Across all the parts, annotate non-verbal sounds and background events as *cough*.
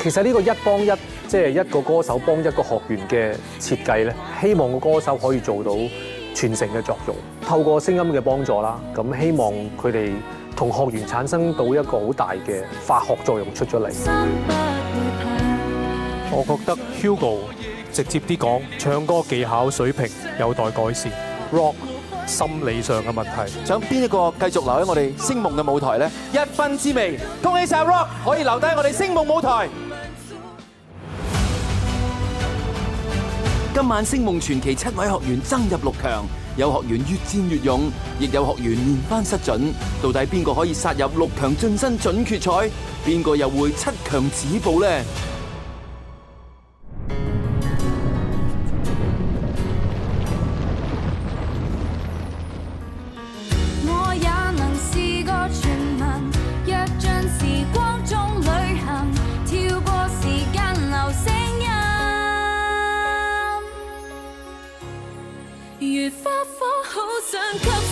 其實呢個一幫一，即係一個歌手幫一個學員嘅設計呢，希望個歌手可以做到傳承嘅作用，透過聲音嘅幫助啦，咁希望佢哋同學員產生到一個好大嘅化學作用出咗嚟。我覺得 Hugo 直接啲講，唱歌技巧水平有待改善。Rock。心理上嘅問題，想邊一個繼續留喺我哋星夢嘅舞台呢？一分之微，恭喜晒 Rock 可以留低我哋星夢舞台。今晚星夢傳奇七位學員爭入六強，有學員越戰越勇，亦有學員連番失準。到底邊個可以殺入六強進身準決賽？邊個又會七強止步呢？花火，好想給。 *noise*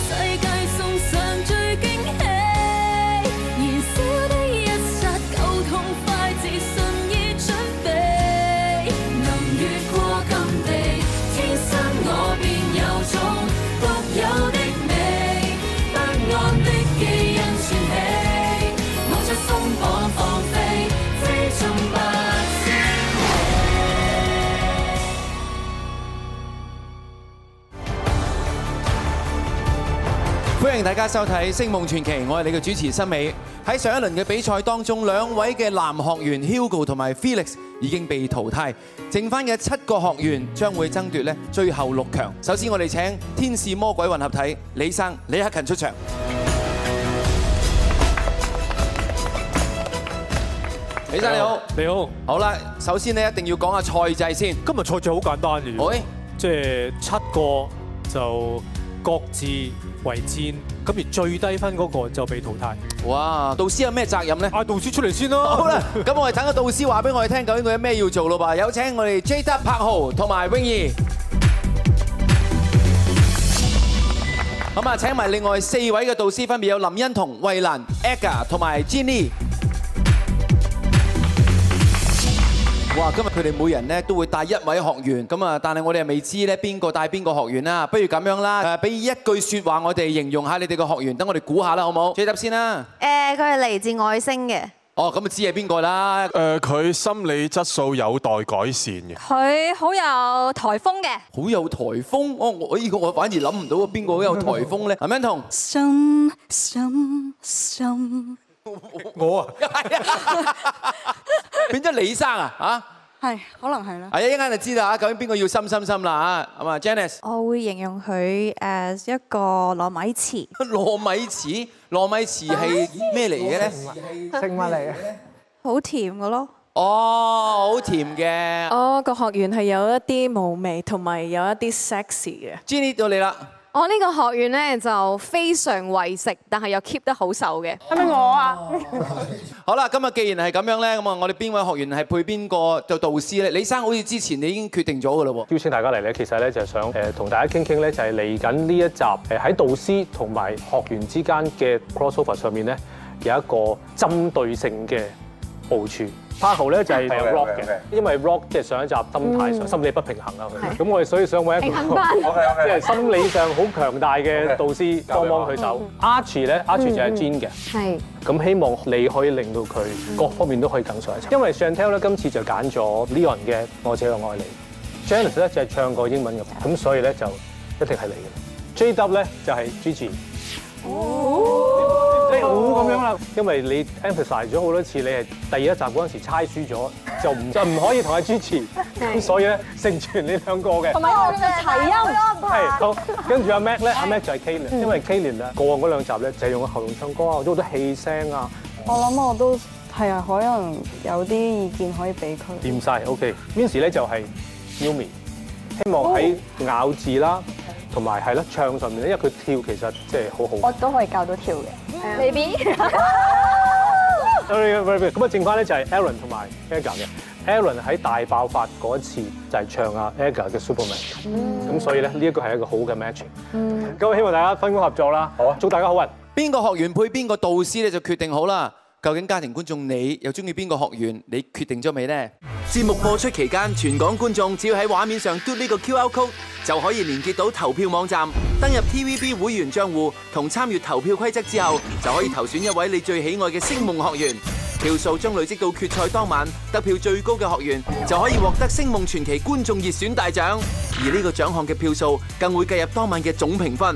歡迎大家收睇《星夢傳奇》，我係你嘅主持森美。喺上一輪嘅比賽當中，兩位嘅男學員 Hugo 同埋 Felix 已經被淘汰，剩翻嘅七個學員將會爭奪呢最後六強。首先，我哋請天使魔鬼混合體李生李克勤出場。李生你好，你好。好啦，首先呢一定要講下賽制先。今日賽制好簡單嘅，喂，即係七個就各自為戰，咁而最低分嗰個就被淘汰。哇！導師有咩責任咧？啊，導師出嚟先咯。好啦，咁我哋等個導師話俾我哋聽究竟佢有咩要做咯吧。有請我哋 JW、柏豪同埋泳兒。咁啊，請埋另外四位嘅導師分別有林欣彤、衞蘭、AGA 同埋 Gin Lee。哇！今日佢哋每人咧都會帶一位學員，咁啊，但係我哋未知咧邊個帶邊個學員啦。不如咁樣啦，誒，俾一句説話，我哋形容下你哋個學員，等我哋估下啦，好唔好？接執先啦。誒，佢係嚟自外星嘅。哦，咁啊，知係邊個啦？誒，佢心理質素有待改善嘅。佢好有颱風嘅。好有颱風？哦，我依個我反而諗唔到啊，邊個好有颱風咧？阿 Man 同。心心心我啊，係啊，變咗李生啊，啊，係，可能係啦，係一陣間就知道啦，究竟邊個要心心心啦，係嘛 Janice 我會形容佢誒一個糯米糍，糯米糍，糯米糍係咩嚟嘅咧？係食物嚟嘅，好甜嘅咯，哦，好甜嘅，我個學員係有一啲無味同埋有,有一啲 sexy 嘅，Jenny 到你啦。我呢個學員咧就非常為食，但係又 keep 得好瘦嘅，係咪我啊？ *laughs* 好啦，今日既然係咁樣咧，咁啊，我哋邊位學員係配邊個做導師咧？李生好似之前你已經決定咗㗎喇喎。邀請大家嚟咧，其實咧就係想誒同大家傾傾咧，就係嚟緊呢一集誒喺導師同埋學員之間嘅 crossover 上面咧有一個針對性嘅部署。Paul 咧就係 rock 嘅，因為 rock 即係上一集心態上心理不平衡啊。佢，咁我哋所以想揾一個即係心理上好強大嘅導師幫幫佢手。Archie 咧，Archie 就係 Gin 嘅，咁希望你可以令到佢各方面都可以更上一層。因為 Chantel 咧今次就揀咗 Leon 嘅《我這樣愛你》，Janice 咧就係唱過英文嘅，咁所以咧就一定係你嘅。JW 咧就係 Gigi。好、就、咁、是、樣啦，因為你 emphasize 咗好多次，你係第一集嗰陣時猜輸咗，就唔就唔可以同阿主持，所以咧成對 全你兩個嘅，同埋要齊音啊，係好，跟住阿 Mac 咧，阿 Mac 就係 Kilian 因為 Kilian 咧過嗰兩集咧就用個喉嚨唱歌啊，好多氣聲啊，我諗我都係啊，可能有啲意見可以俾佢。掂晒。OK，Miss 咧就係 Yumi，希望喺咬字啦。哦同埋係咯，唱上面咧，因為佢跳其實即係好好。我都可以教到跳嘅，maybe。r r y y o 咁啊，剩翻咧就係 Aaron 同埋 AGA 嘅、er。Aaron 喺大爆發嗰一次就係唱啊 AGA 嘅 Superman。咁所以咧呢一個係一個好嘅 match 那。咁希望大家分工合作啦。好啊，祝大家好運。邊個學員配邊個導師咧，就決定好啦。究竟家庭觀眾你又中意邊個學員？你決定咗未呢？節目播出期間，全港觀眾只要喺畫面上嘟呢個 QR code 就可以連結到投票網站，登入 T V B 會員帳戶同參與投票規則之後，就可以投選一位你最喜愛嘅星夢學員。票數將累積到決賽當晚，得票最高嘅學員就可以獲得星夢傳奇觀眾熱選大獎，而呢個獎項嘅票數更會計入當晚嘅總評分。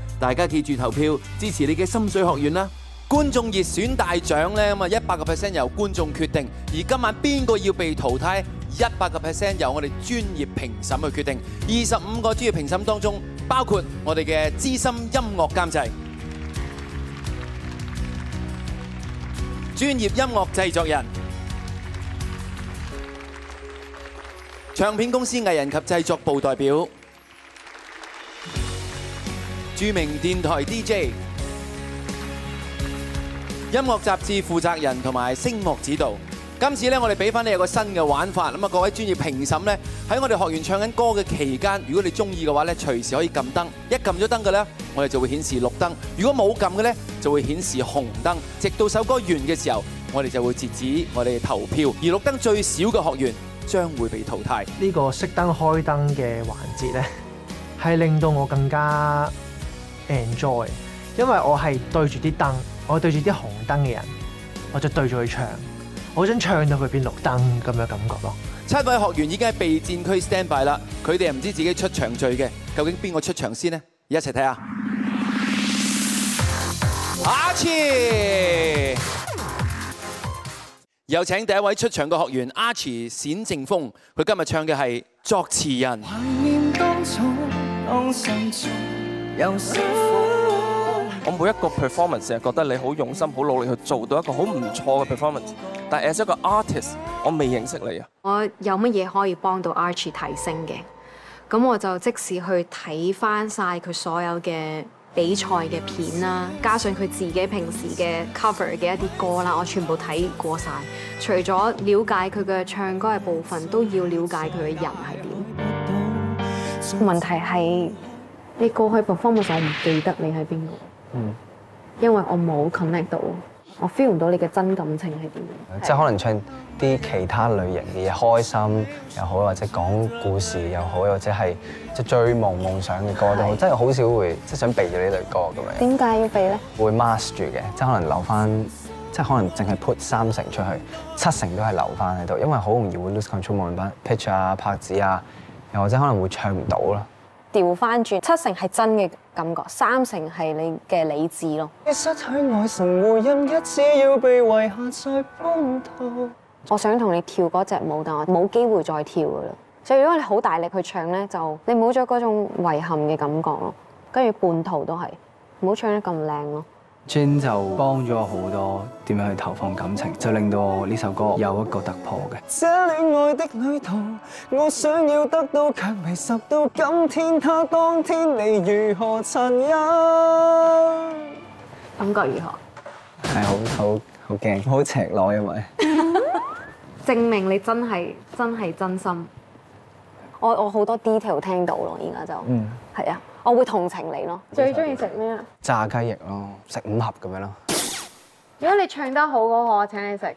大家記住投票支持你嘅心水學院啦！觀眾熱選大獎呢，咁啊，一百個 percent 由觀眾決定；而今晚邊個要被淘汰，一百個 percent 由我哋專業評審去決定。二十五個專業評審當中，包括我哋嘅資深音樂監製、專業音樂製作人、唱片公司藝人及製作部代表。著名電台 DJ、音樂雜誌負責人同埋聲樂指導，今次咧我哋俾翻你有個新嘅玩法，咁啊各位專業評審咧，喺我哋學員唱緊歌嘅期間，如果你中意嘅話咧，隨時可以撳燈，一撳咗燈嘅咧，我哋就會顯示綠燈；如果冇撳嘅咧，就會顯示紅燈，直到首歌完嘅時候，我哋就會截止我哋投票，而綠燈最少嘅學員將會被淘汰。呢個熄燈開燈嘅環節咧，係令到我更加 enjoy，因為我係對住啲燈，我對住啲紅燈嘅人，我就對住佢唱，我想唱到佢變綠燈咁嘅感覺囉。七位學員已經喺備戰區 stand by 啦，佢哋唔知自己出場序嘅，究竟邊個出場先呢？一齊睇下。阿馳，有請第一位出場嘅學員阿馳冼靖峰，佢今日唱嘅係作詞人。我每一個 performance 係覺得你好用心、好努力去做到一個好唔錯嘅 performance，但係 as 一個 artist，我未認識你啊！我有乜嘢可以幫到 Archie 提升嘅？咁我就即時去睇翻晒佢所有嘅比賽嘅片啦，加上佢自己平時嘅 cover 嘅一啲歌啦，我全部睇過晒。除咗了，了解佢嘅唱歌嘅部分，都要了解佢嘅人係點。問題係。你過去 performance 我唔記得你喺邊個，嗯，因為我冇 connect 到，我 feel 唔到你嘅真感情係點。即係可能唱啲其他類型嘅嘢，開心又好，或者講故事又好，或者係即係追夢夢想嘅歌都好，是的 真係好少會即係想避咗呢類歌咁樣。點解要避咧？會 mask 住嘅，即係可能留翻，即係可能淨係 put 三成出去，七成都係留翻喺度，因為好容易會 lose control，無論 pitch 啊、拍子啊，又或者可能會唱唔到啦。調翻轉，七成係真嘅感覺，三成係你嘅理智咯。我想同你跳嗰隻舞，但我冇機會再跳㗎啦。所以如果你好大力去唱咧，就你冇咗嗰種遺憾嘅感覺咯。跟住半途都係唔好唱得咁靚咯。Gin 就幫咗我好多，點樣去投放感情，就令到我呢首歌有一個突破嘅。這戀愛的旅途，我想要得到卻未拾到，今天他當天你如何殘忍？感覺如何？係好好好驚，好赤裸，因為很 *laughs* 證明你真係真係真心我。我我好多 detail 聽到咯，而家就嗯係啊。我會同情你咯。最中意食咩啊？炸雞翼咯，食五盒咁樣咯。如果你唱得好嗰個，我請你食，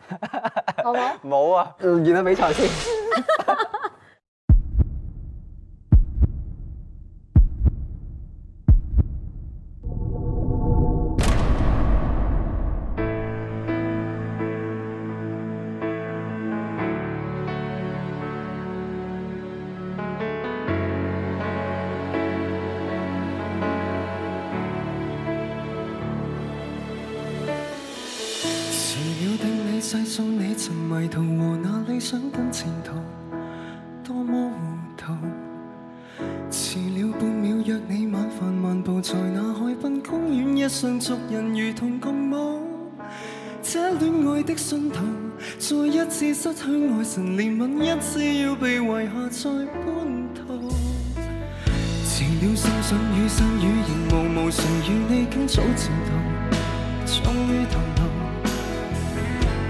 好冇？冇啊，練下比賽先。一次失去愛神憐憫，一次要被遺下在半途。前了心想雨傘雨仍毛毛，誰與你傾草前途，終於逗留。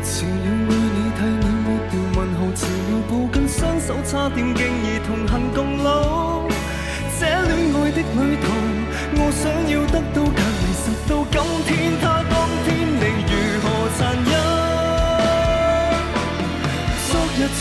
前了愛你替你抹掉問候，前了抱緊雙手，差點竟已同行共老。這戀愛的旅途，我想要得到，卻迷失到今天，他當天。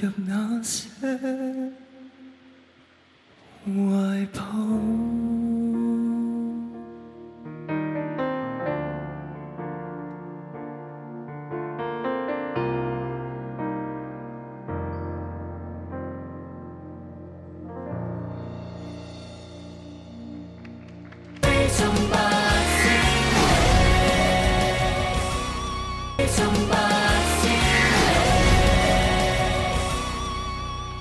入那些懷抱。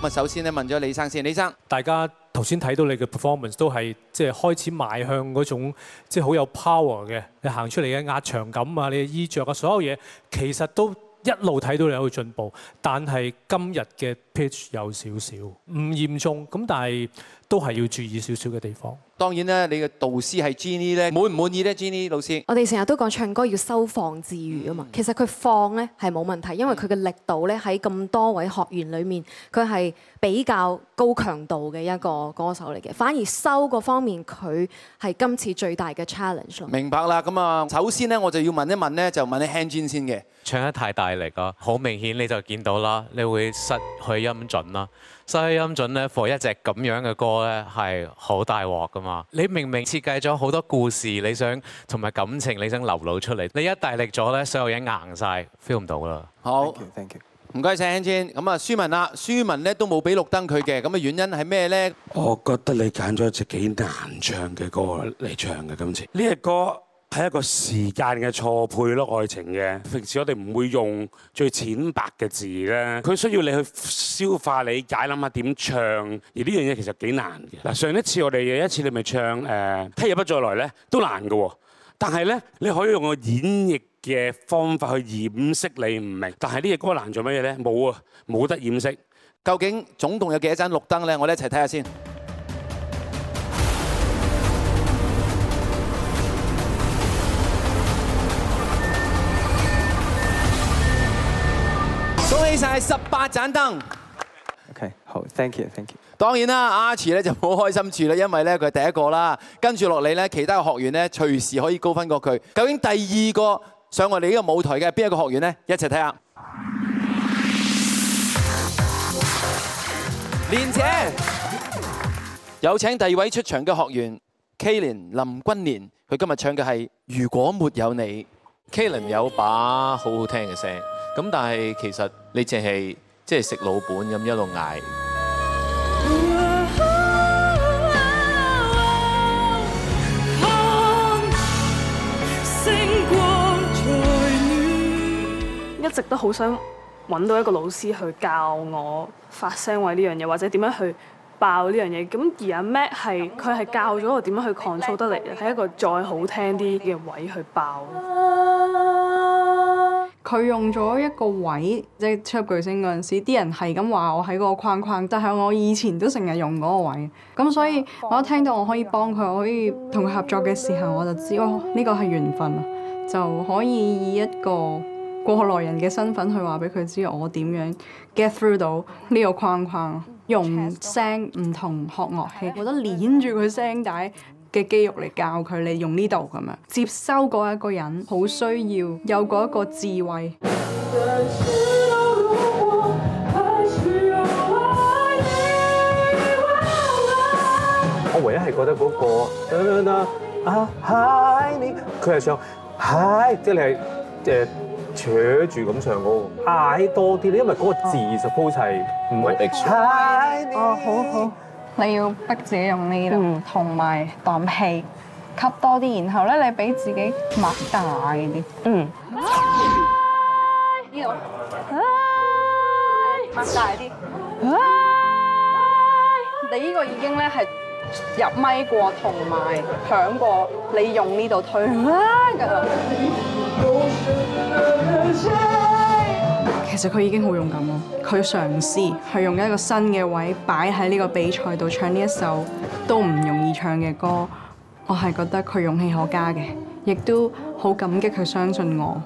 首先咧問咗李生先，李生，大家頭先睇到你嘅 performance 都係即係開始邁向嗰種即係好有 power 嘅，你行出嚟嘅壓場感啊，你嘅衣着啊，所有嘢其實都一路睇到你有進步，但係今日嘅 pitch 有少少唔嚴重，咁但係。都係要注意少少嘅地方。當然啦，你嘅導師係 Gin Lee 咧滿唔滿意咧，Gin Lee 老師。我哋成日都講唱歌要收放自如啊嘛。其實佢放咧係冇問題，因為佢嘅力度咧喺咁多位學員裏面，佢係比較高強度嘅一個歌手嚟嘅。反而收嗰方面，佢係今次最大嘅 challenge 咯。明白啦，咁啊，首先咧我就要問一問咧，就問你 HandJin 先嘅，唱得太大力啊，好明顯你就見到啦，你會失去音準啦。西音準咧，for 一隻咁樣嘅歌咧，係好大鑊噶嘛！你明明設計咗好多故事，你想同埋感情，你想流露出嚟，你一大力咗咧，所有嘢硬晒，feel 唔到啦。好，thank you，唔該曬，千千。咁啊，舒文啊，舒文咧都冇俾綠燈佢嘅，咁嘅原因係咩咧？我覺得你揀咗一隻幾難唱嘅歌嚟唱嘅，今次呢一首歌。係一個時間嘅錯配咯，愛情嘅。平時我哋唔會用最淺白嘅字咧，佢需要你去消化你、理解、諗下點唱。而呢樣嘢其實幾難嘅。嗱，上一次我哋有一次你咪唱誒《聽日不再來》咧，都難㗎喎。但係咧，你可以用個演繹嘅方法去掩飾你唔明。但係呢隻歌難做乜嘢咧？冇啊，冇得掩飾。究竟總共有幾多盞綠燈咧？我哋一齊睇下先。熄晒十八盞燈。OK，好，Thank you，Thank you。謝謝謝謝，當然啦，阿慈咧就好開心住啦，因為咧佢係第一個啦。跟住落嚟咧，其他嘅學員咧隨時可以高分過佢。究竟第二個上我哋呢個舞台嘅係邊一個學員咧？一齊睇下。連姐，有請第二位出場嘅學員 Kaitlyn 林君蓮，佢今日唱嘅係《如果沒有你》。Kaitlyn 有把好好聽嘅聲。咁但係其實你淨係即係食老本咁一路嗌，一直都好想搵到一個老師去教我發聲位呢樣嘢，或者點樣去爆呢樣嘢。咁而阿 Matt 係佢係教咗我點樣去 control 得嚟，喺一個再好聽啲嘅位去爆。佢用咗一個位，即係超級巨星嗰陣時，啲人係咁話我喺個框框，但係我以前都成日用嗰個位，咁所以我一聽到我可以幫佢，我可以同佢合作嘅時候，我就知哦，呢個係緣分，就可以以一個過來人嘅身份去話俾佢知我點樣 get through 到呢個框框，用聲唔同學樂器，我覺得攆住佢聲帶。嘅肌肉嚟教佢，你用呢度咁樣接收嗰一個人，好需要有嗰一個智慧。我唯一係覺得嗰個等等等啊，high 你，佢係想，即係你係、呃、扯住咁唱嗰個，矮多啲，因為嗰個字 suppose 係唔係太高。哦、啊，好好。你要逼自己用呢度，同埋啖氣吸多啲，然後咧你俾自己擘大啲。嗯，呢度擘大啲。你呢個已經咧係入咪過，同埋響過，你用呢度推啦㗎啦。其實佢已經好勇敢咯，佢嘗試係用一個新嘅位擺喺呢個比賽度唱呢一首都唔容易唱嘅歌，我係覺得佢勇氣可嘉嘅，亦都好感激佢相信我。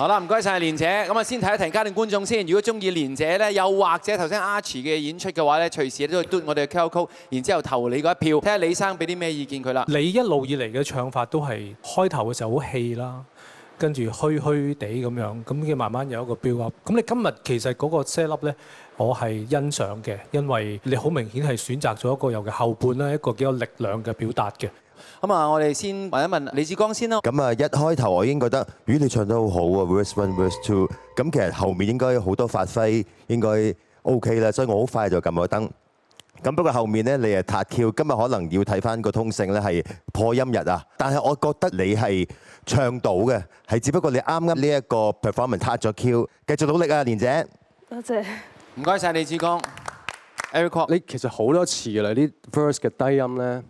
好啦，唔該晒蓮姐。咁啊，先睇一睇家庭觀眾先。如果中意蓮姐咧，又或者頭先阿馳嘅演出嘅話咧，隨時都會嘟我哋嘅 QQ，然之後投你嗰一票，睇下李生俾啲咩意見佢啦。你一路以嚟嘅唱法都係開頭嘅時候好氣啦，跟住虛虛地咁樣，咁佢慢慢有一個飆啊。咁你今日其實嗰個 set up 咧，我係欣賞嘅，因為你好明顯係選擇咗一個有嘅後半啦，一個幾有力量嘅表達嘅。咁啊，我哋先問一問李志光先咯。咁啊，一開頭我已經覺得，咦，你唱得好好啊，verse one, verse two，咁其實後面應該好多發揮，應該 OK 啦。所以我好快就撳咗燈。咁不過後面咧，你誒踏 Q，今日可能要睇翻個通勝咧，係破音日啊。但係我覺得你係唱到嘅，係只不過你啱啱呢一個 performance 踏咗 Q。T、ill, 繼續努力啊，蓮姐謝謝。多謝。唔該晒李志光。Eric Kwok 你其實好多次噶啦，啲 verse 嘅低音咧。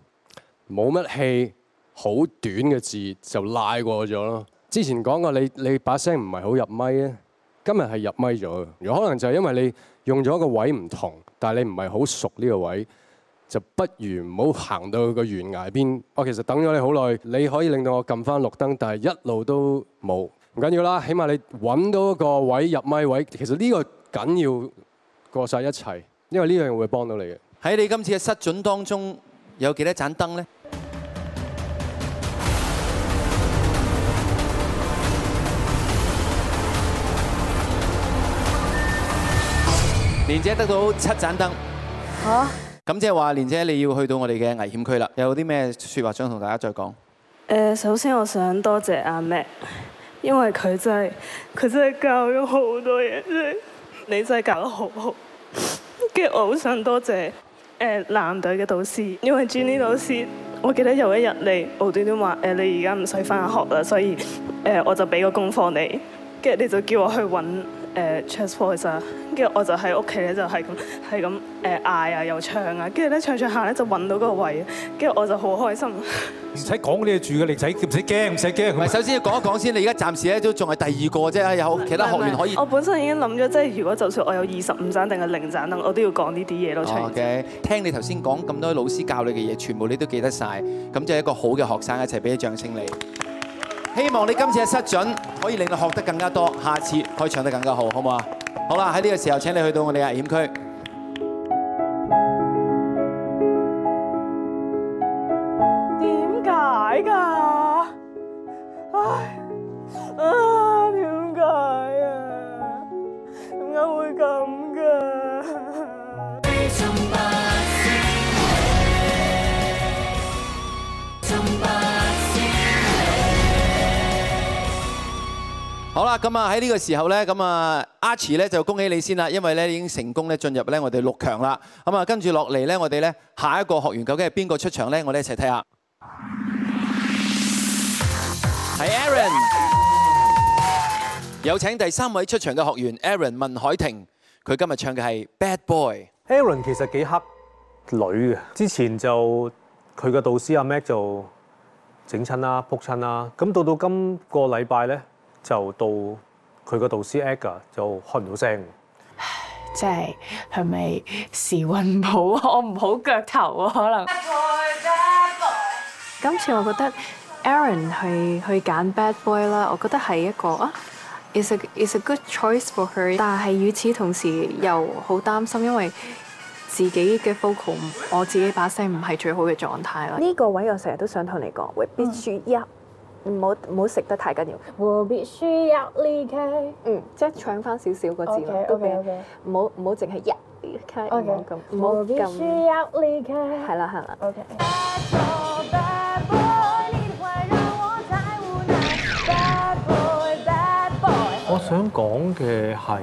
冇乜氣，好短嘅字就拉過咗咯。之前講過你，你你把聲唔係好入咪啊。今日係入咪咗嘅，如果可能就係因為你用咗個位唔同，但係你唔係好熟呢個位，就不如唔好行到個懸崖邊。我其實等咗你好耐，你可以令到我撳翻綠燈，但係一路都冇。唔緊要啦，起碼你揾到個位入咪位，其實呢個緊要過晒一切，因為呢樣會幫到你嘅。喺你今次嘅失準當中有幾多盞燈呢？蓮姐得到七盞燈、啊，吓咁即係話蓮姐你要去到我哋嘅危險區啦，有啲咩說話想同大家再講？誒，首先我想多謝阿 Mike 因為佢真係佢真係教咗好多嘢，真係你真係教得好好。跟住我好想多謝誒藍隊嘅導師，因為 Gin Lee 老師，我記得有一日你無端端話誒你而家唔使翻學啦，所以誒我就俾個功課你，跟住你就叫我去搵。誒 chest voice 啊，跟住我，我就喺屋企咧，就係咁，係咁誒嗌啊，又唱啊，跟住咧唱唱下咧就揾到個位，跟住我就好開心。唔使講你住嘅，你仔唔使驚，唔使驚。唔係，首先你講一講先，你而家暫時咧都仲係第二個啫，有其他學員可以。我本身已經諗咗，即係如果就算我有二十五盞定係零盞啦，我也要這些都要講呢啲嘢咯。唱。OK，聽你頭先講咁多老師教你嘅嘢，全部你都記得晒。咁就係一個好嘅學生，一齊俾啲掌聲你。希望你今次嘅失準可以令到學得更加多，下次可以唱得更加好，好唔好啊？好啦，喺呢個時候請你去到我哋危險區。點解㗎？唉，好啦，咁啊喺呢個時候咧，咁啊 Archie 咧就恭喜你先啦，因為咧已經成功咧進入咧我哋六強啦。咁啊跟住落嚟咧，我哋咧下一個學員究竟係邊個出場咧？我哋一齊睇下。係 Aaron， *laughs* 有請第三位出場嘅學員 Aaron 文凱婷。佢今日唱嘅係 Bad Boy。Aaron 其實幾黑女嘅，之前就佢嘅導師阿 Mac 就整親啦、仆親啦，咁到到今個禮拜咧。就到佢個導師 AGA 就開唔到聲唉，即係係咪時運唔好？我唔好腳頭啊，可能。今次我覺得 Aaron 去去揀 Bad Boy 啦，我覺得係一個，is a is a good choice for her。但係與此同時又好擔心，因為自己嘅 focus，我自己把聲唔係最好嘅狀態啦。呢個位我成日都想同你講，必選一。唔好唔好食得太緊要，要。嗯，即係搶翻少少個字咯，都得。唔好唔好淨係一離開，唔好咁，唔好咁。係啦係啦。我想講嘅係。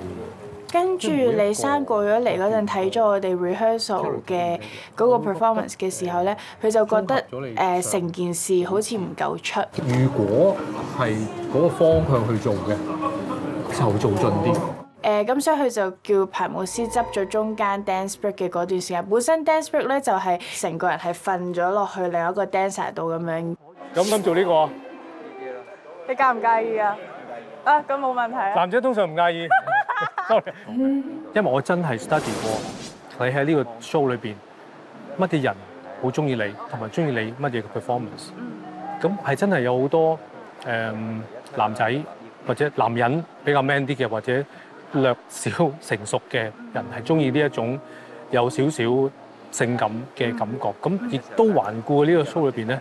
跟住李生過咗嚟嗰陣睇咗我哋 rehearsal 嘅嗰個 performance 嘅時候咧，佢就覺得誒，成件事好似唔夠出。如果係嗰個方向去做嘅，就做盡啲。誒咁，所以佢就叫排舞師執咗中間 dance break 嘅嗰段時間。本身 dance break 咧就係成個人係瞓咗落去另一個 dancer 度咁樣。咁咁做呢個，你介唔介意啊？啊，咁冇問題啊。男仔通常唔介意。因為我真係 study 過你在這，你喺呢個 show 裏邊，乜嘢人好中意你，同埋中意你乜嘢嘅 performance，咁係真係有好多誒、呃、男仔或者男人比較 man 啲嘅，或者略少成熟嘅人係中意呢一種有少少性感嘅感覺。咁亦、嗯、都環顧呢個 show 裏邊咧，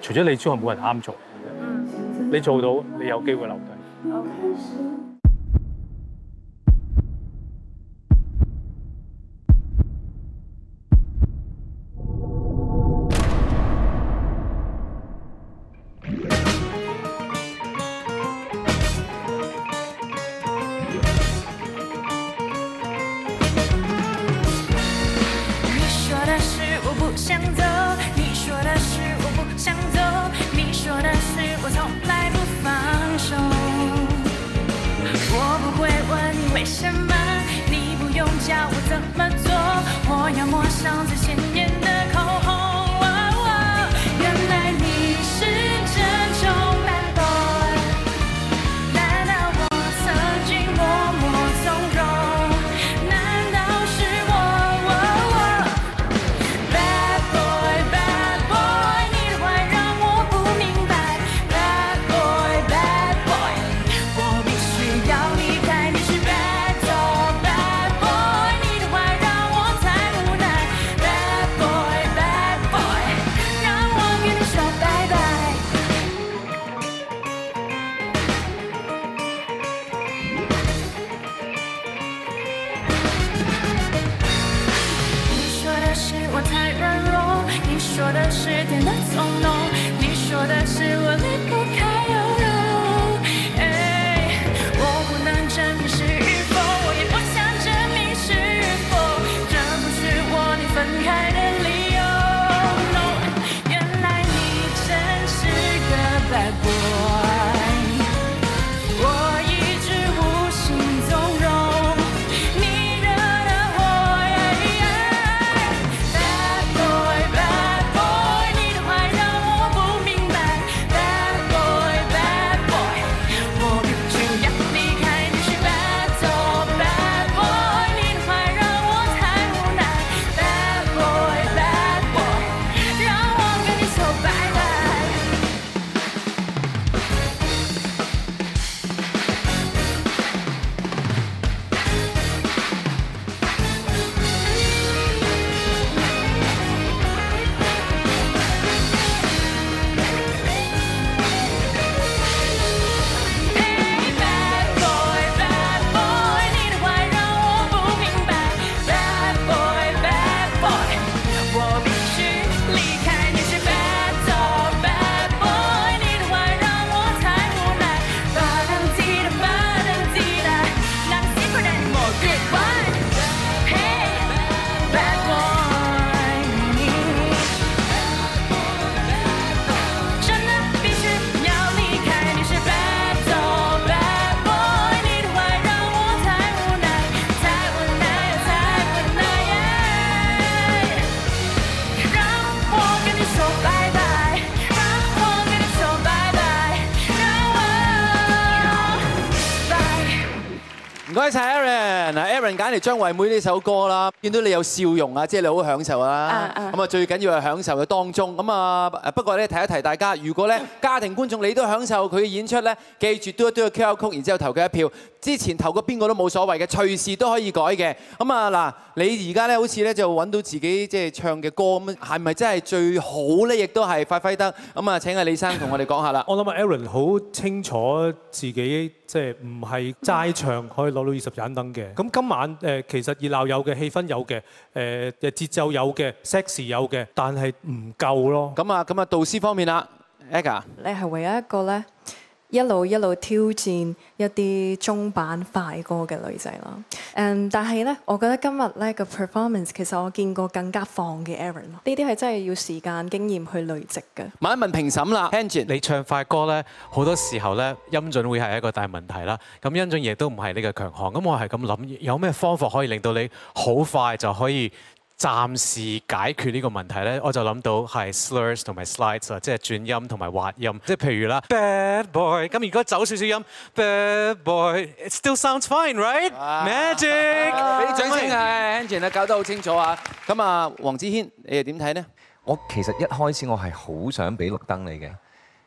除咗你之外冇人啱做，你做到你有機會留低。我從來不放手，我不會問你為什麼，你不用教我怎麼。張惠妹呢首歌啦，見到你有笑容啊，即係你好享受啊。咁啊，最緊要係享受嘅當中。咁啊，不過咧提一提大家，如果咧家庭觀眾你都享受佢嘅演出咧，記住嘟一嘟個 Q 曲，然之後投佢一票。之前投過邊個都冇所謂嘅，隨時都可以改嘅。咁啊嗱，你而家咧好似咧就揾到自己即係唱嘅歌咁，係咪真係最好咧？亦都係發揮得。咁啊，請阿李生同我哋講下啦。我諗阿 Aaron 好清楚自己即係唔係齋唱可以攞到二十盞燈嘅。咁今晚誒其實熱鬧有嘅，氣氛有嘅，誒嘅節奏有嘅，sexy 有嘅，但係唔夠咯。咁啊咁啊，導師方面啦，AGA，你係唯一一個咧。一路一路挑戰一啲中板快歌嘅女仔啦，嗯，但係咧，我覺得今日咧個 performance 其實我見過更加放嘅 Aaron 咯。呢啲係真係要時間經驗去累積嘅。問一問評審啦，Angie，你唱快歌咧，好多時候咧音準會係一個大問題啦，咁音準亦都唔係你嘅強項，咁我係咁諗，有咩方法可以令到你好快就可以？暫時解決呢個問題咧，我就諗到係 slurs 同埋 slides 啦，即係轉音同埋滑音，即係譬如啦，bad boy，咁如果走少少音，bad boy，it still sounds fine，right？magic，俾啲掌聲啊，Angie，你搞得好清楚啊！咁啊，黃子軒，你又點睇咧？我其實一開始我係好想俾綠燈你嘅，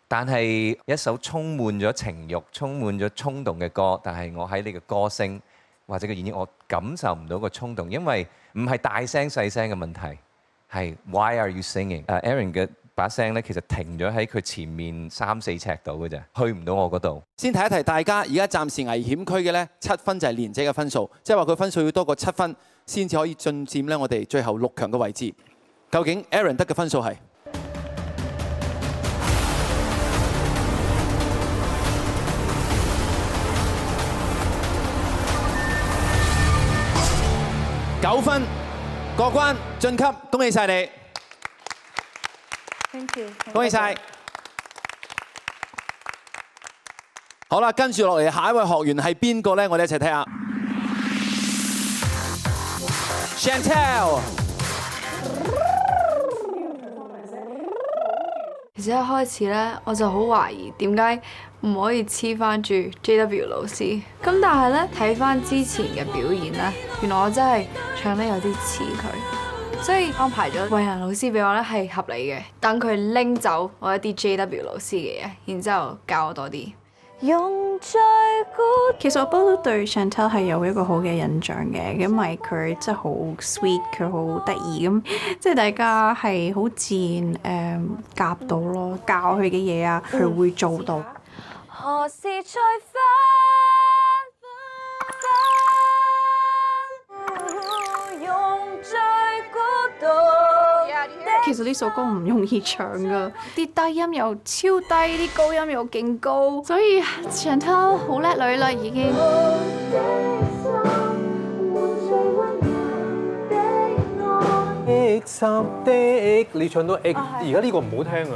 但係一首充滿咗情慾、充滿咗衝動嘅歌，但係我喺你嘅歌聲。或者個演繹我感受唔到個衝動。因為唔係大聲細聲嘅問題，係 Why are you singing？Aaron 嘅把聲咧，其實停咗喺佢前面三四尺度嘅啫，去唔到我嗰度。先提一提大家，而家暫時危險區嘅咧，七分就係蓮姐嘅分數，即係話佢分數要多過七分先至可以進佔咧，我哋最後六強嘅位置。究竟 Aaron 得嘅分數係？高分過關晉級，恭喜晒你！Thank you，恭喜晒！好啦，跟住落嚟下一位學員係邊個咧？我哋一齊睇下。Chantelle，其實一開始咧，我就好懷疑點解，唔可以黐翻住 JW 老師，咁但係呢，睇翻之前嘅表演咧，原來我真係唱得有啲似佢，所以安排咗衛蘭老師俾我呢係合理嘅，等佢拎走我一啲 JW 老師嘅嘢，然之後教我多啲。用其實我都對 Chantelle 係有一個好嘅印象嘅，因為佢真係好 sweet，佢好得意咁，即係、就是、大家係好自然誒、嗯、夾到咯，教佢嘅嘢啊，佢會做到。其實呢首歌唔容易唱噶，啲低音又超低，啲高音又勁高，所以唱得好叻女啦，已經。的的你唱到 X，而家呢個唔好聽啊。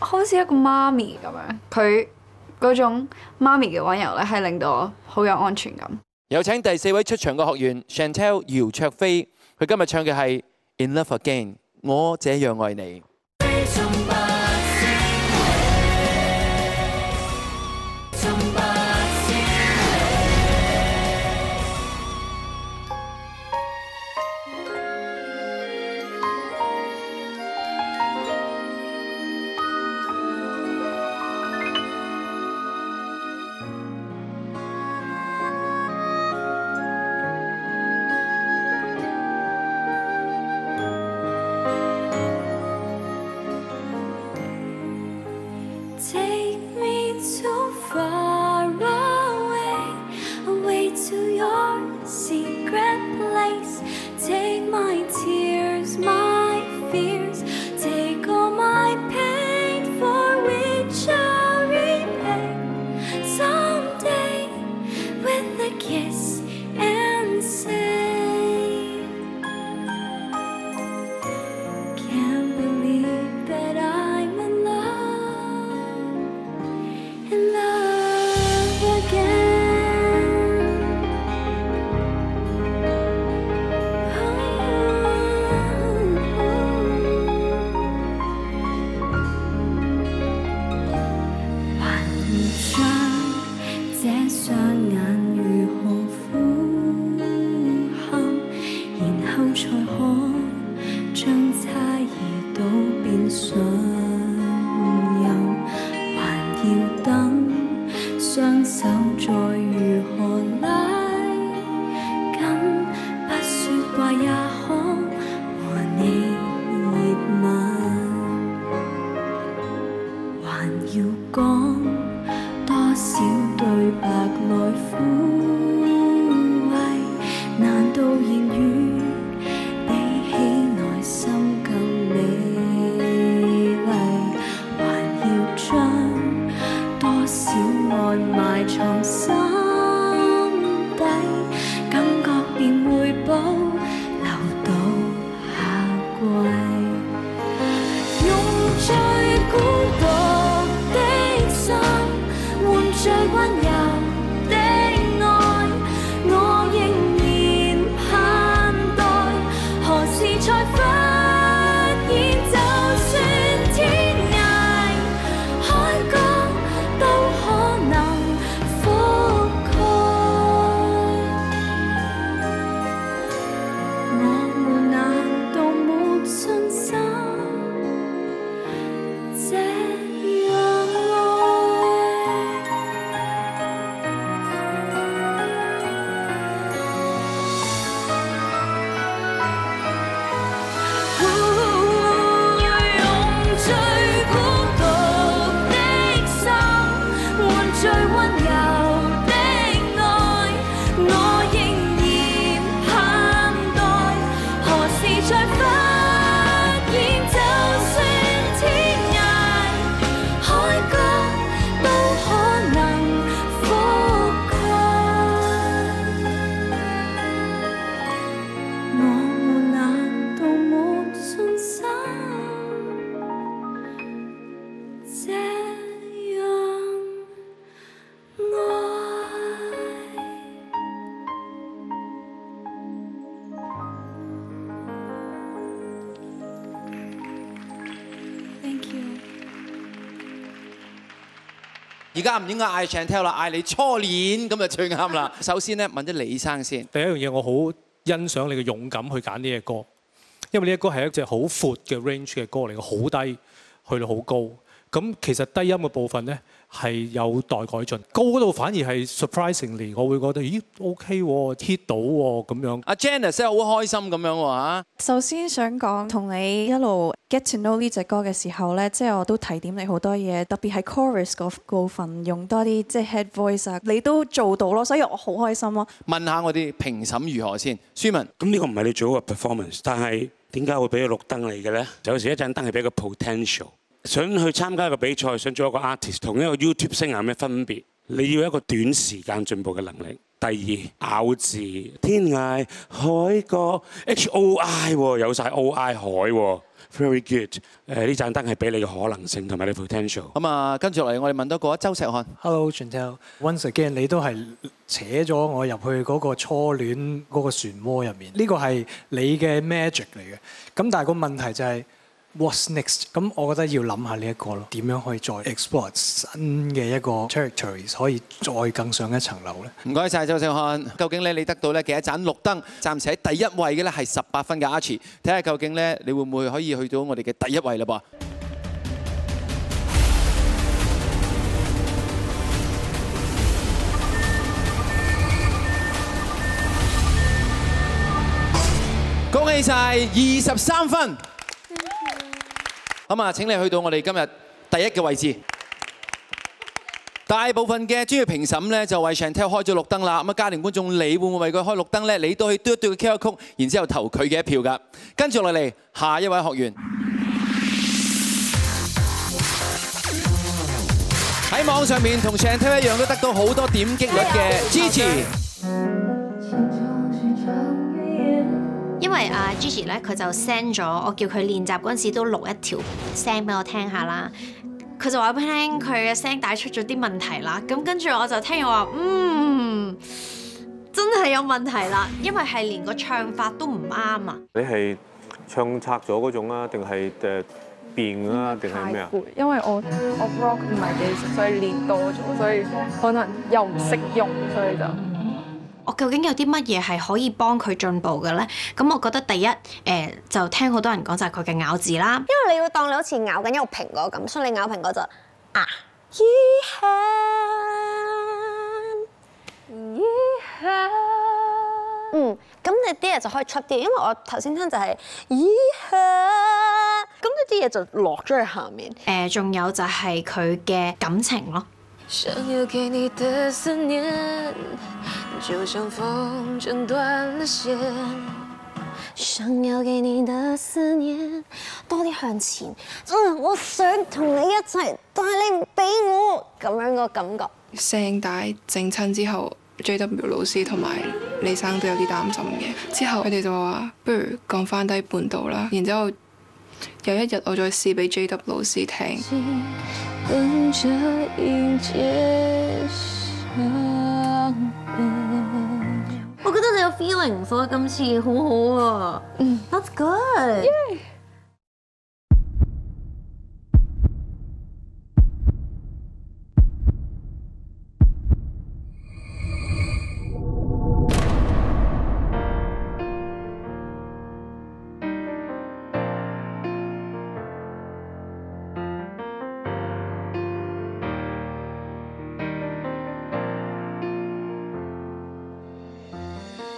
好似一個媽咪咁樣，佢嗰種媽咪嘅温柔咧，係令到我好有安全感。有請第四位出場嘅學員 Chantelle 姚焯菲，佢今日唱嘅係《In Love Again》，我這樣愛你。尚有還要等，雙手再如何拉？而家唔應該嗌 Chantel 啦，嗌你初戀咁就最啱啦。首先咧，問啲李生先。第一樣嘢，我好欣賞你嘅勇敢去揀呢隻歌，因為呢隻歌係一隻好闊嘅 range 嘅歌嚟嘅，好低去到好高。咁其實低音嘅部分咧係有待改進，高嗰度反而係 surprisingly，我會覺得咦 OK 喎 hit 到喎咁樣。阿 j a n n i s 好開心咁樣喎，首先想講，同你一路 get to know 呢隻歌嘅時候咧，即係我都提點你好多嘢，特別喺 chorus 嗰部分用多啲即係 head voice 啊，你都做到咯，所以我好開心咯。問一下我哋評審如何先？舒文這，咁呢個唔係你最好嘅 performance，但係點解會俾個綠燈你嘅咧？有時一盞燈係比較 potential。想去參加一個比賽，想做一個 artist，同一個 YouTube 星人有咩分別？你要一個短時間進步嘅能力。第二，咬字、Z、天涯海角，H O I 有晒 O I 海，very good。誒，呢盞燈係俾你嘅可能性同埋你 potential。咁啊，跟住嚟，我哋問多個周石漢。Hello, gentle, once again，你都係扯咗我入去嗰個初戀嗰個漩渦入面。呢個係你嘅 magic 嚟嘅。咁但係個問題就係、是。What's next？咁我覺得要諗下呢一個咯，點樣可以再 explore 新嘅一個 territories，可以再更上一層樓咧？唔該曬周生漢。究竟咧你得到咧幾多盞綠燈？暫時喺第一位嘅咧係十八分嘅 Archie，睇下究竟咧你會唔會可以去到我哋嘅第一位啦噃？恭喜曬二十三分！咁啊！請你去到我哋今日第一嘅位置。大部分嘅專業評審咧就為 Chantel 開咗綠燈啦。咁啊，家庭觀眾，你會唔會為佢開綠燈咧？你都可以嘟一嘟佢 K 一曲，然之後投佢嘅一票噶。跟住落嚟，下一位學員喺網上面同 Chantel 一樣，都得到好多點擊率嘅支持。因為阿 Gigi 咧，佢就 send 咗我叫佢練習嗰陣時都錄一條聲俾我聽下啦。佢就話俾我聽佢嘅聲帶出咗啲問題啦。咁跟住我就聽我話，嗯，真係有問題啦。因為係連個唱法都唔啱啊。你係唱拆咗嗰種啊，定係誒變啊，定係咩啊？因為我、嗯、我 rock 唔係幾熟，所以練多咗，所以可能又唔識用，所以就。我究竟有啲乜嘢係可以幫佢進步嘅咧？咁我覺得第一，誒、呃、就聽好多人講就係佢嘅咬字啦。因為你要當你好似咬緊一個蘋果咁，所以你咬蘋果就啊，咦，香，咦，香。嗯，咁你啲嘢就可以出啲，因為我頭先聽就係、是、咦，香。咁呢啲嘢就落咗去下面。誒、呃，仲有就係佢嘅感情咯。想要給你的思念，就像風箏斷了線。想要給你的思念，思念多啲向前。嗯，我想同你一齊但係你唔畀我。咁樣個感覺。聲帶整親之後，JW 老師同埋李生都有啲擔心嘅。之後佢哋就話，不如降翻低半度啦。然之後。有一日我再試俾 JW 老師聽，我覺得你有 feeling，所以今次好好啊，mm.，That's good。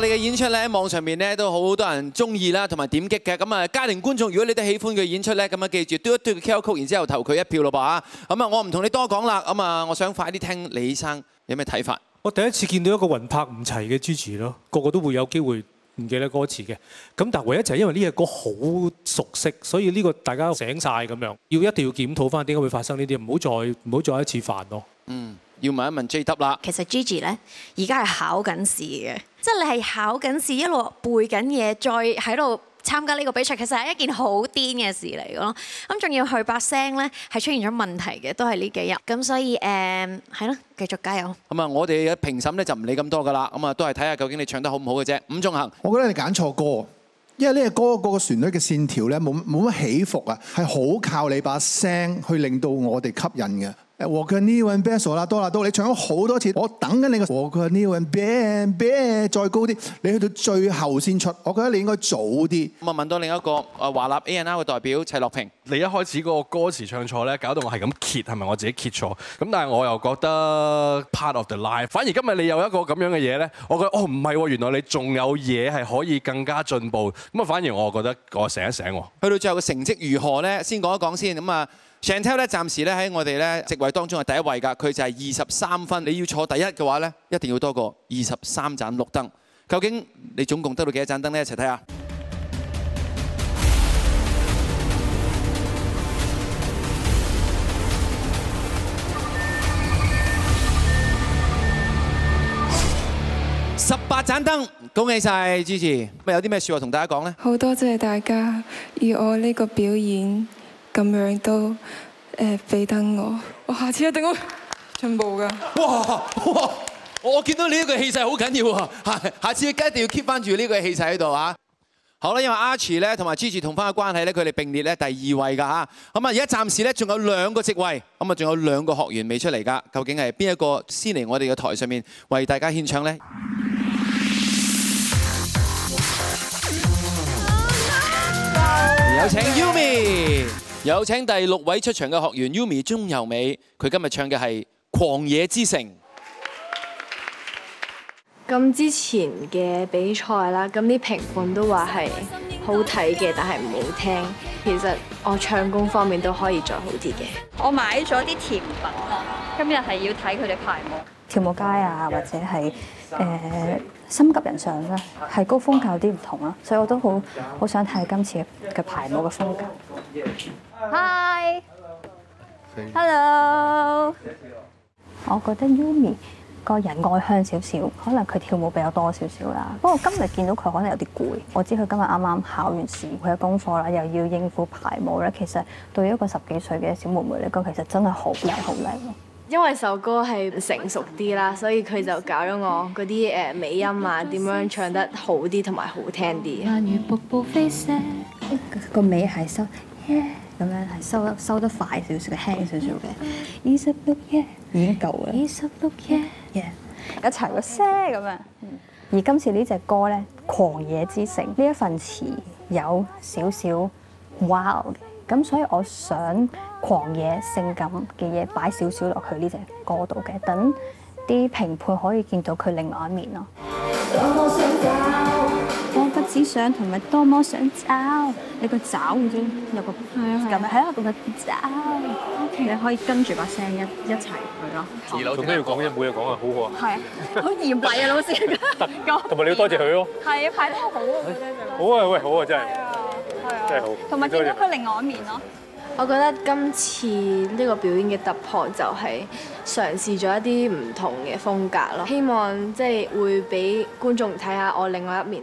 你嘅演出咧喺網上面咧都好多人中意啦，同埋點擊嘅咁啊！家庭觀眾，如果你都喜歡佢演出咧，咁啊記住，嘟一嘟佢 k Q，曲，然之後投佢一票咯，噃，噉啊！我唔同你多講啦，咁啊，我想快啲聽李生有咩睇法。我第一次見到一個魂魄唔齊嘅 Gigi 咯，個個都會有機會唔記得歌詞嘅。咁但係唯一就係因為呢隻歌好熟悉，所以呢個大家醒晒咁樣，要一定要檢討翻點解會發生呢啲，唔好再唔好再一次煩咯。嗯。要問一問 JW 啦。其實 Gigi 咧，而家係考緊試嘅，即係你係考緊試，一路背緊嘢，再喺度參加呢個比賽，其實係一件好癲嘅事嚟嘅咯。咁仲要佢把聲咧係出現咗問題嘅，都係呢幾日。咁所以誒，係咯，繼續加油。咁啊，我哋嘅評審咧就唔理咁多噶啦。咁啊，都係睇下究竟你唱得好唔好嘅啫。伍仲恒，我覺得你揀錯歌，因為呢個歌個旋律嘅線條咧冇冇乜起伏啊，係好靠你把聲音去令到我哋吸引嘅。我嘅 New a n Bass 啦，多啦多，你唱咗好多次，我等緊你個。我嘅 New a n b a b a s 再高啲，你去到最後先出，我覺得你應該早啲。咁啊，問到另一個啊華納 A&R 嘅代表齊樂平，你一開始嗰個歌詞唱錯咧，搞到我係咁揭，係咪我自己揭錯？咁但係我又覺得 part of the life。反而今日你有一個咁樣嘅嘢咧，我覺得哦唔係喎，原來你仲有嘢係可以更加進步。咁啊，反而我覺得我醒一醒。去到最後嘅成績如何咧？先講一講先咁啊。嗯 Chantel 咧，暫時咧喺我哋咧席位當中係第一位㗎。佢就係二十三分。你要坐第一嘅話咧，一定要多過二十三盞綠燈。究竟你總共得到幾多盞燈咧？一齊睇下。十八盞燈，恭喜曬 Gigi。咁有啲咩説話同大家講咧？好多謝大家以我呢個表演，咁樣都誒俾得我，我下次一定會進步噶。哇我見到呢一個氣勢好緊要啊！下次一定要 keep 翻住呢個氣勢喺度啊！好啦，因為 Archie 咧同埋 Gigi 同翻嘅關係咧，佢哋並列咧第二位㗎嚇。咁啊，而家暫時咧仲有兩個席位，咁啊仲有兩個學員未出嚟㗎。究竟係邊一個先嚟我哋嘅台上面為大家獻唱咧？有請 Yumi。有請第六位出場嘅學員、y、Yumi 鍾柔美，佢今日唱嘅係《狂野之城》。咁之前嘅比賽啦，咁啲評判都話係好睇嘅，但係唔好聽。其實我唱功方面都可以再好啲嘅。我買咗啲甜品啊，今日係要睇佢哋排舞、跳舞街啊，或者係誒心急人上啦，係高風格有啲唔同啦，所以我都好好想睇今次嘅排舞嘅風格。Hi，Hello 我覺得 Yumi 個人外向少少，可能佢跳舞比較多少少啦。不過今日見到佢可能有啲攰，我知佢今日啱啱考完試，佢嘅功課啦，又要應付排舞咧。其實對一個十幾歲嘅小妹妹嚟講，其實真係好靚好靚。因為首歌係成熟啲啦，所以佢就教咗我嗰啲誒尾音啊，點樣唱得好啲同埋好聽啲。慢如瀑布咁樣係收得收得快少少，嘅，輕少少嘅。二十六億已經夠啦。二十六億，yeah，一齊個聲咁樣！嗯、而今次呢隻歌咧，嗯《狂野之城》呢、嗯、一份詞有少少 wow 嘅，咁所以我想狂野性感嘅嘢擺少少落去呢隻歌度嘅，等啲評判可以見到佢另外一面咯。想同埋多麼想找你個爪唔知，有個夾咪喺度嘅爪，你可以跟住把聲一一齊去咯。二樓仲都要講一冇嘢講啊，好好啊。係，好嚴厲啊，老師。同埋你要多謝佢咯。係啊，排得好。啊。好啊，喂，好啊，真係。係啊，真係好。同埋見到佢另外一面咯。我覺得今次呢個表演嘅突破就係嘗試咗一啲唔同嘅風格咯。希望即係會俾觀眾睇下我另外一面。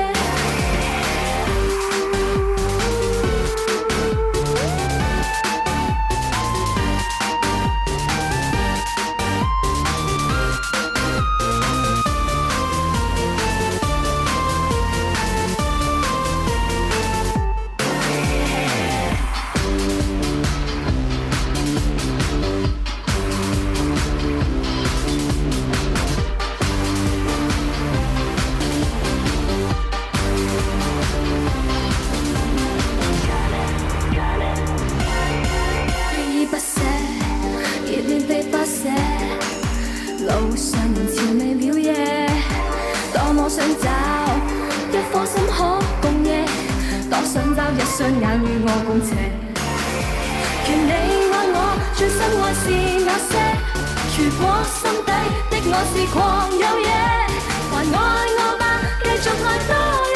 如果心底的我是狂又野，還愛我嗎？繼續愛多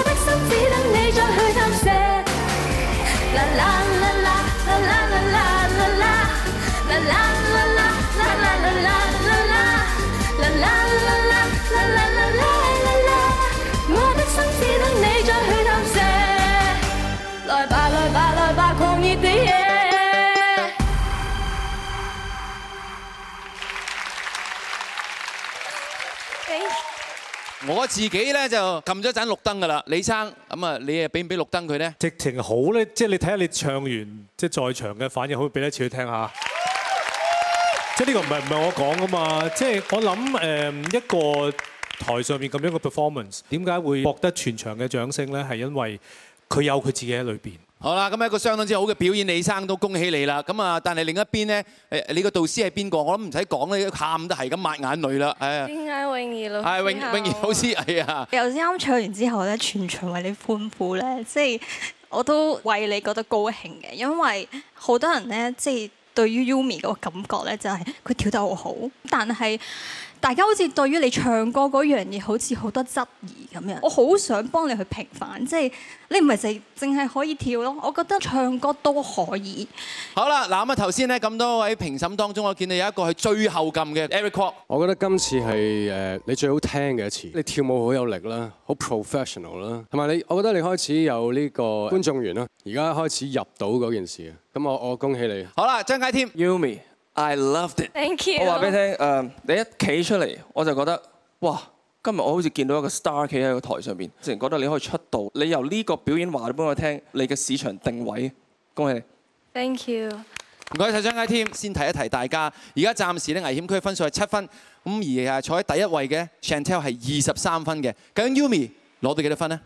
一些。我自己咧就撳咗盞綠燈噶啦，李生咁啊，你誒俾唔俾綠燈佢咧？直情好咧，即係你睇下你唱完，即係在場嘅反應，可唔可以俾一次佢聽下？即係呢個唔係唔係我講噶嘛，即係我諗誒一個台上面咁樣嘅 performance，點解會博得全場嘅掌聲咧？係因為佢有佢自己喺裏邊。好啦，咁一個相當之好嘅表演，李生都恭喜你啦！咁啊，但係另一邊咧，誒，你個導師係邊個？我諗唔使講啦，喊都係咁抹眼淚啦，係啊。點解泳兒老師？係泳泳兒老師，係啊。由先啱唱完之後咧，全場為你歡呼咧，即係我都為你覺得高興嘅，因為好多人咧，即係對於 Yumi 嗰個感覺咧，就係佢跳得好好，但係，大家好似對於你唱歌嗰樣嘢好似好多質疑咁樣，我好想幫你去平反，即係你唔係淨係可以跳咯，我覺得唱歌都可以好了。好啦，嗱咁啊頭先咧咁多位評審當中，我見到你有一個係最後撳嘅 Eric Kwok 我覺得今次係你最好聽嘅一次，你跳舞好有力啦，好 professional 啦，同埋你我覺得你開始有呢個觀眾緣啦，而家開始入到嗰件事啊，咁我我恭喜你。好啦，張佳添 Yumi。I loved it。Thank you. 我話俾你聽，誒，你一企出嚟，我就覺得，哇，今日我好似見到一個 star 企喺個台上面，直程覺得你可以出道。你由呢個表演話咗俾我聽，你嘅市場定位，恭喜你。Thank you。唔該晒張佳添，先提一提大家。而家暫時咧危險區分數係七分，咁而係坐喺第一位嘅 Chantelle 係二十三分嘅，究竟 Yumi 攞到幾多分呢？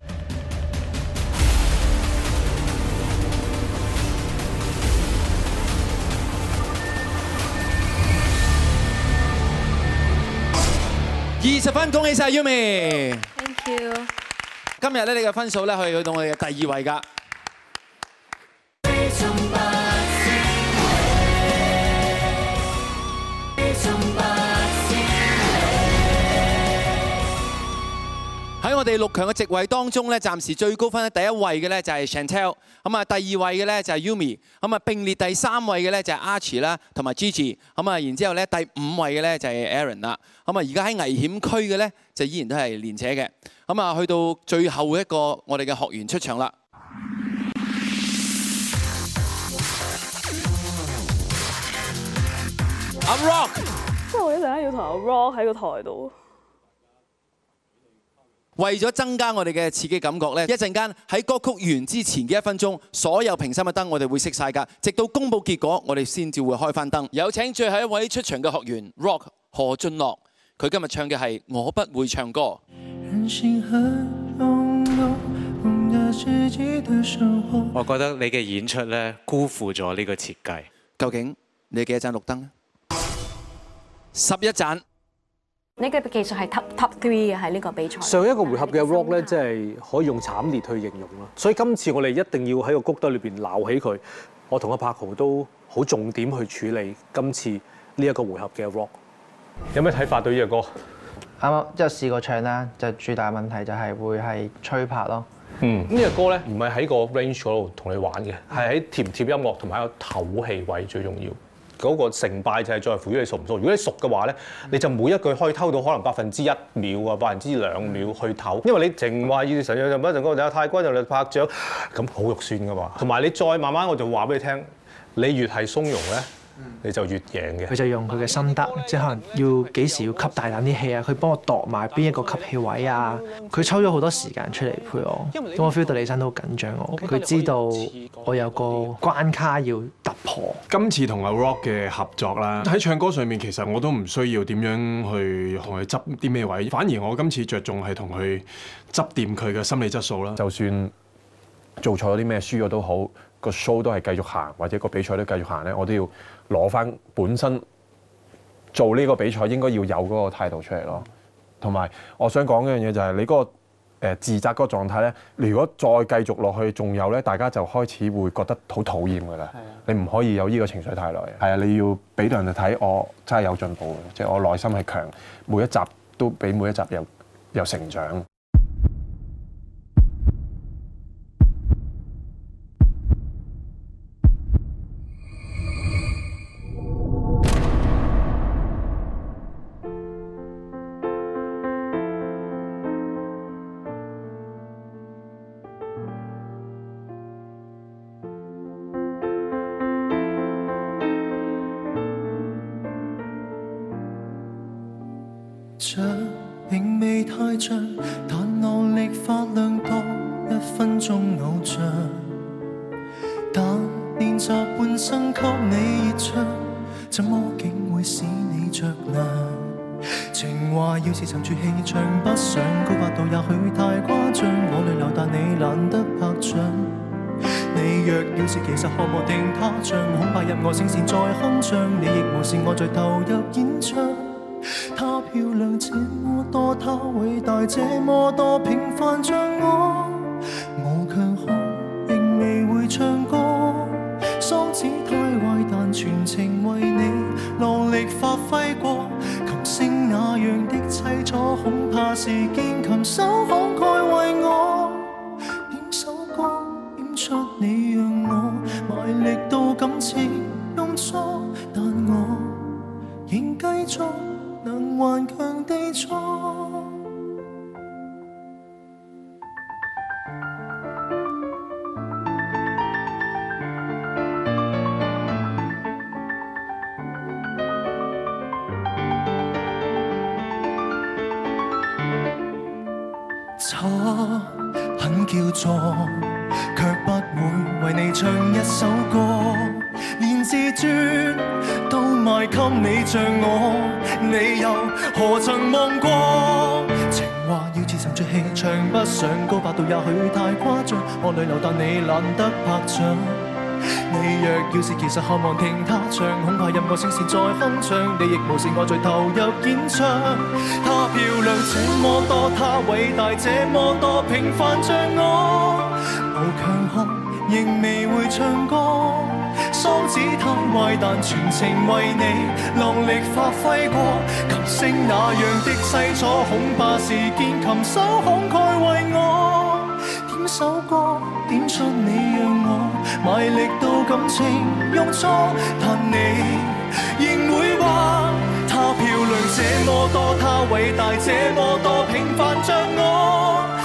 二十分，恭喜晒 Yumi。Thank you。今日咧，你嘅分數咧可以去到我哋嘅第二位㗎。在我哋六強嘅席位當中咧，暫時最高分咧第一位嘅咧就係 Chantelle，咁啊第二位嘅咧就係 Yumi，咁啊並列第三位嘅咧就係 Archie 啦，同埋 Gigi，咁啊然之後咧第五位嘅咧就係 Aaron 啦，咁啊而家喺危險區嘅咧就依然都係連扯嘅，咁啊去到最後一個我哋嘅學員出場啦。阿 Rock，即係我一陣間要同阿 Rock 喺個台度。為咗增加我哋嘅刺激感覺呢，一陣間喺歌曲完之前嘅一分鐘，所有評審嘅燈我哋會熄晒㗎，直到公佈結果，我哋先至會開返燈。有請最後一位出場嘅學員 Rock 何晉樂，佢今日唱嘅係《我不會唱歌》。我覺得你嘅演出呢，辜負咗呢個設計。究竟你幾多盞綠燈咧？十一盞。你嘅技術係 top top three 嘅，喺呢個比賽。上一個回合嘅 rock 咧，即係、就是、可以用慘烈去形容啦。所以今次我哋一定要喺個谷底裏邊撈起佢。我同阿柏豪都好重點去處理今次呢一個回合嘅 rock。有咩睇法對呢隻歌？啱啱即係試過唱啦，就最大問題就係會係吹拍咯。嗯，呢隻歌咧唔係喺個 range 嗰度同你玩嘅，係喺貼唔貼音樂同埋個唞氣位最重要。嗰個成敗就係在乎於你熟唔熟。如果你熟嘅話咧，你就每一句可以偷到可能百分之一秒啊，百分之兩秒去唞，因為你淨話要啲神樣就不停就有太君就嚟拍掌，咁好肉酸㗎嘛。同埋你再慢慢，我就話俾你聽，你越係鬆容咧。你就越贏嘅，佢就用佢嘅心得，即係可能要幾時要吸大啖啲氣啊，佢幫我度埋邊一個吸氣位啊。佢抽咗好多時間出嚟陪我，咁我 feel 到你真係好緊張。我佢知道我有個關卡要突破。今次同阿 Rock 嘅合作啦，喺唱歌上面其實我都唔需要點樣去同佢執啲咩位，反而我今次着重係同佢執掂佢嘅心理質素啦。就算做錯咗啲咩、輸咗都好，個 show 都係繼續行，或者個比賽都繼續行咧，我都要。攞翻本身做呢個比賽應該要有嗰個態度出嚟咯，同埋我想講一樣嘢就係、是、你嗰、那個、呃、自責嗰個狀態咧，如果再繼續落去，仲有咧，大家就開始會覺得好討厭噶啦。的你唔可以有呢個情緒太耐。係啊，你要俾到人哋睇，我真係有進步即係、就是、我內心係強，每一集都比每一集又又成長。嗯其實渴望定他唱，恐怕因我聲線再鏗鏘，你亦無視我在投入演唱。他漂亮這麼多，他偉大這麼多，平凡像我，我卻好，並未會唱歌。嗓子太壞，但全情為你努力發揮過。琴聲那樣的淒楚，恐怕是鍵盤手慷慨為我。力到感情用錯，但我仍繼續能頑強地做。都賣給你像我，你又何曾望過？情話要似沉醉戲，唱不上高八度，也許太誇張。我淚流，但你懶得拍掌。你若要是其實渴望聽他唱，恐怕任何聲線再鏗鏘，你亦無視我在投入演唱。他漂亮這麼多多，他偉大這麼多多，平凡像我，冇強項，仍未會唱歌。雙指貪壞，但全程為你，落力發揮過。琴聲那樣的凄楚，恐怕是鍵琴手慷慨為我點首歌，點出你讓我賣力到感情用錯。但你仍會話，他漂亮這麼多，他偉大這麼多，平凡像我。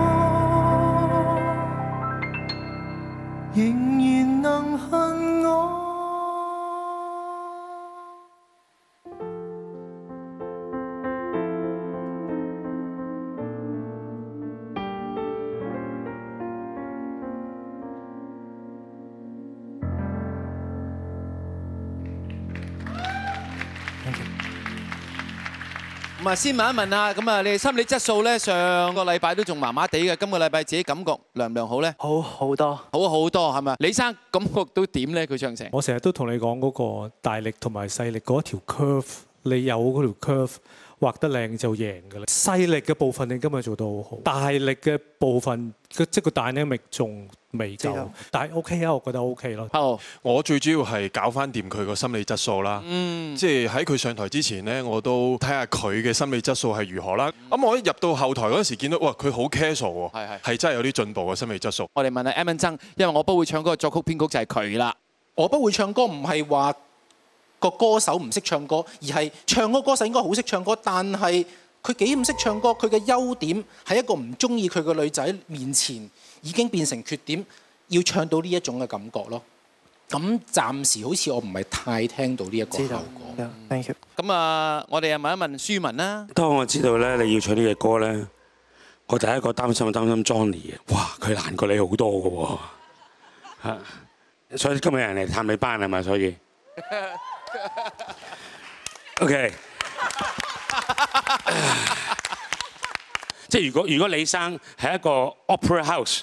仍然能哼。咁啊，先問一問啊，咁啊，你哋心理質素咧，上個禮拜都仲麻麻地嘅，今個禮拜自己感覺良唔良好咧？好好多，好好多係咪？李生感覺都點咧？佢唱成，我成日都同你講嗰個大力同埋細力嗰條 curve，你有嗰條 curve，畫得靚就贏㗎啦！細力嘅部分你今日做到好，好，大力嘅部分，個即係個大呢，咪仲未夠。但係 OK 啊，我覺得 OK 咯。Hello. Hello. 我最主要係搞翻掂佢個心理質素啦。嗯，即係喺佢上台之前呢，我都睇下佢嘅心理質素係如何啦。咁我一入到後台嗰時，見到哇，佢好 casual 喎，係真係有啲進步嘅心理質素。我哋問下 Emman 曾，因為我不會唱歌，個作曲編曲就係佢啦。我不會唱歌唔係話。個歌手唔識唱歌，而係唱歌歌手應該好識唱歌，但係佢幾唔識唱歌，佢嘅優點喺一個唔中意佢嘅女仔面前已經變成缺點，要唱到呢一種嘅感覺咯。咁暫時好似我唔係太聽到呢一個效果。咁啊，嗯、我哋又問一問舒文啦。當我知道咧你要唱呢隻歌咧，我第一個擔心嘅擔心 Johnny，哇，佢難過你好多嘅喎。 *laughs* 所以今日人嚟探你班係咪？所以。 *laughs* OK，即係如果如果李生係一個 Opera House，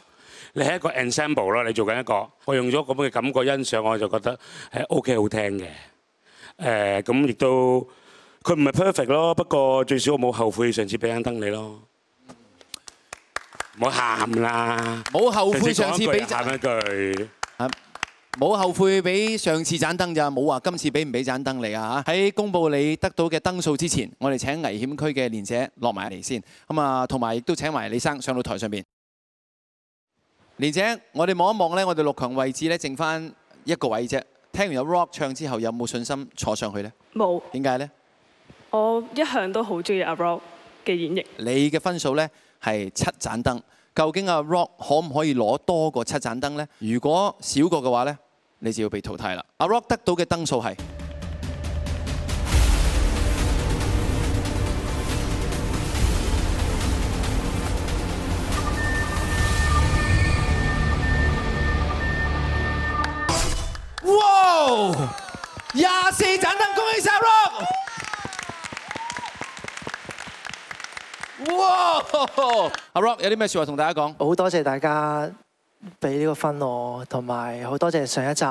你係一個 ensemble 啦，你做緊一個，我用咗咁嘅感覺欣賞，我就覺得係 OK 好聽嘅。誒，咁亦都佢唔係 perfect 咯，不過最少我冇後悔上次俾盞燈你咯。唔好喊啦，冇後悔上次俾。喊一句。冇後悔俾上次盞燈咋，冇話今次俾唔俾盞燈你啊！喺公佈你得到嘅燈數之前，我哋請危險區嘅蓮姐落埋嚟先。咁啊，同埋亦都請埋李生上到台上邊。蓮姐，我哋望一望咧，我哋六強位置咧剩翻一個位啫。聽完阿 Rock 唱之後，有冇信心坐上去呢？冇。點解呢？我一向都好中意阿 Rock 嘅演繹。你嘅分數咧係七盞燈。究竟阿 Rock 可唔可以攞多過七盞燈呢？如果少過嘅話呢，你就要被淘汰啦。阿 Rock 得到嘅燈數係，哇，廿四盞燈，恭喜阿 Rock！哇！阿 Rock 有啲咩說話同大家講？好多謝大家俾呢個分我，同埋好多謝上一集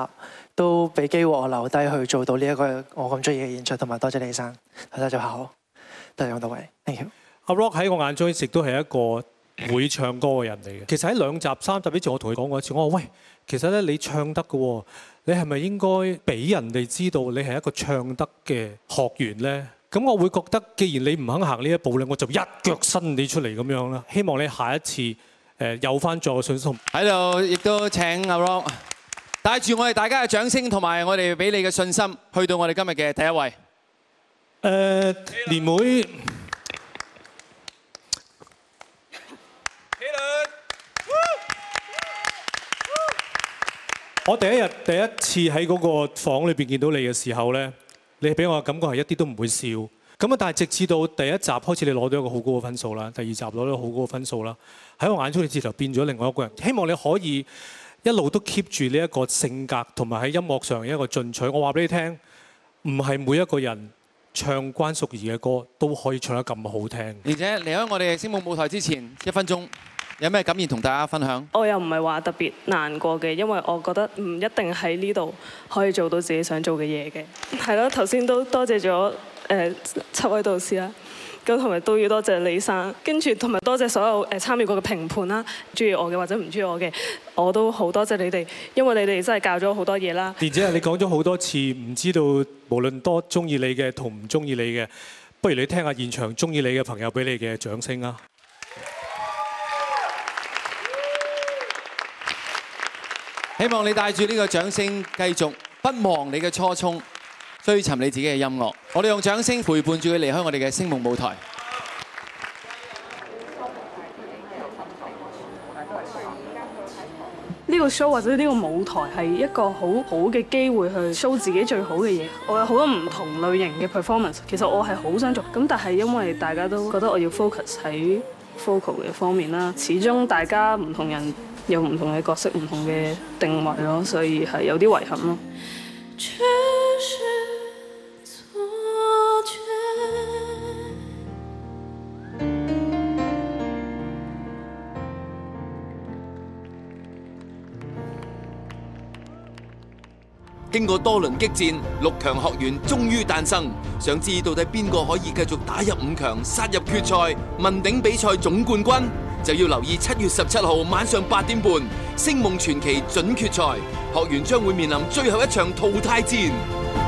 都俾機會我留低去做到呢一個我咁中意嘅演出，同埋多謝李生，多謝大家，多謝各位。謝謝阿 Rock 喺我眼中一直都係一個會唱歌嘅人嚟嘅。其實喺兩集、三集之前，我同佢講過一次我，我話喂，其實咧你唱得嘅，你係咪應該俾人哋知道你係一個唱得嘅學員咧？咁我會覺得，既然你唔肯行呢一步咧，我就一腳伸你出嚟咁樣啦。希望你下一次誒有翻再有信心。喺度亦都請阿 Ron 帶住我哋大家嘅掌聲同埋我哋俾你嘅信心，去到我哋今日嘅第一位。誒，年會。我第一日第一次喺嗰個房裏邊見到你嘅時候咧。你俾我嘅感覺係一啲都唔會笑，咁啊！但係直至到第一集開始，你攞到一個好高嘅分數啦，第二集攞到好高嘅分數啦，喺我眼中你直頭變咗另外一個人。希望你可以一路都 keep 住呢一個性格同埋喺音樂上嘅一個進取我告。我話俾你聽，唔係每一個人唱關淑怡嘅歌都可以唱得咁好聽。而且離開我哋嘅聲夢舞台之前一分鐘。有咩感言同大家分享？我又唔係話特別難過嘅，因為我覺得唔一定喺呢度可以做到自己想做嘅嘢嘅。係咯，頭先都多謝咗誒七位導師啦，咁同埋都要多謝李生，跟住同埋多謝所有誒參與過嘅評判啦，中意我嘅或者唔中意我嘅，我都好多謝你哋，因為你哋真係教咗好多嘢啦。然之後你講咗好多次，唔知道無論多中意你嘅同唔中意你嘅，不如你聽下現場中意你嘅朋友俾你嘅掌聲啊！希望你帶住呢個掌聲繼續，不忘你嘅初衷，追尋你自己嘅音樂。我哋用掌聲陪伴住佢離開我哋嘅聲夢舞台。呢個 show 或者呢個舞台係一個好好嘅機會去 show 自己最好嘅嘢。我有好多唔同類型嘅 performance，其實我係好想做，咁但係因為大家都覺得我要 focus 喺 focus 嘅方面啦，始終大家唔同人。有唔同嘅角色、唔同嘅定位咯，所以係有啲遺憾咯。經過多輪激戰，六強學員終於誕生。想知道到底邊個可以繼續打入五強、殺入決賽、問鼎比賽總冠軍？就要留意七月十七號晚上八點半《星夢傳奇》準決賽，學員將會面臨最後一場淘汰戰。